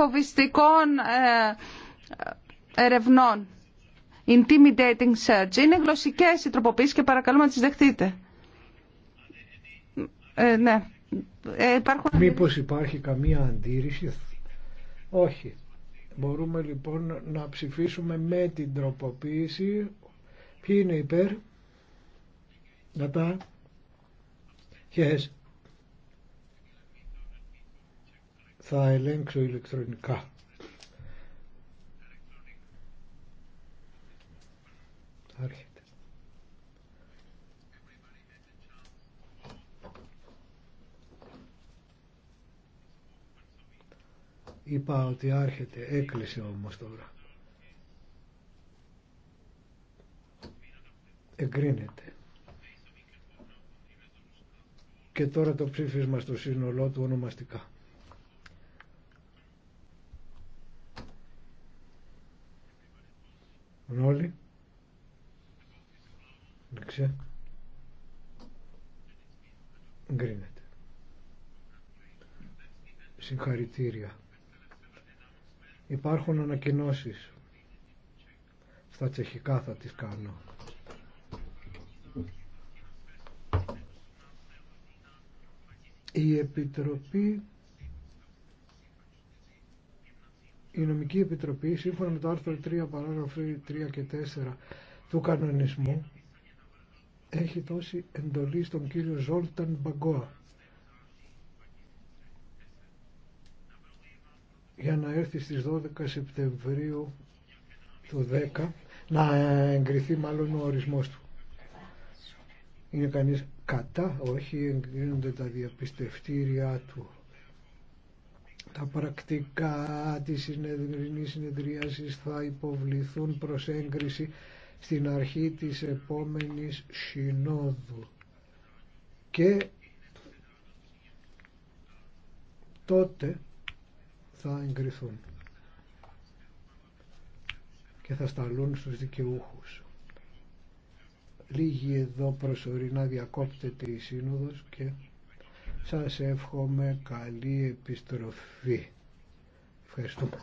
φοβιστικών ε, ερευνών. Intimidating search. Είναι γλωσσικές οι τροποποίησεις και παρακαλούμε να τις δεχτείτε. Ε, ναι. Ε, υπάρχουν... Μήπως υπάρχει καμία αντίρρηση. Όχι. Μπορούμε λοιπόν να ψηφίσουμε με την τροποποίηση. Ποιοι είναι υπέρ. τα. τα. Yes. Θα ελέγξω ηλεκτρονικά. Άρχεται. Είπα ότι άρχεται, έκλεισε όμως τώρα. Εγκρίνεται. Και τώρα το ψήφισμα στο σύνολό του ονομαστικά. όλοι. Δεξιά. Γκρίνεται. Συγχαρητήρια. Υπάρχουν ανακοινώσεις. Στα τσεχικά θα τις κάνω. Η Επιτροπή η Νομική Επιτροπή, σύμφωνα με το άρθρο 3, παράγραφο 3 και 4 του κανονισμού, έχει δώσει εντολή στον κύριο Ζόλταν Μπαγκόα για να έρθει στις 12 Σεπτεμβρίου του 10 να εγκριθεί μάλλον ο ορισμός του. Είναι κανείς κατά, όχι εγκρίνονται τα διαπιστευτήριά του. Τα πρακτικά της συνεδρινής συνεδρίασης θα υποβληθούν προς έγκριση στην αρχή της επόμενης συνόδου. Και τότε θα εγκριθούν και θα σταλούν στους δικαιούχους. Λίγη εδώ προσωρινά διακόπτεται η σύνοδος και... Σας εύχομαι καλή επιστροφή. Ευχαριστούμε.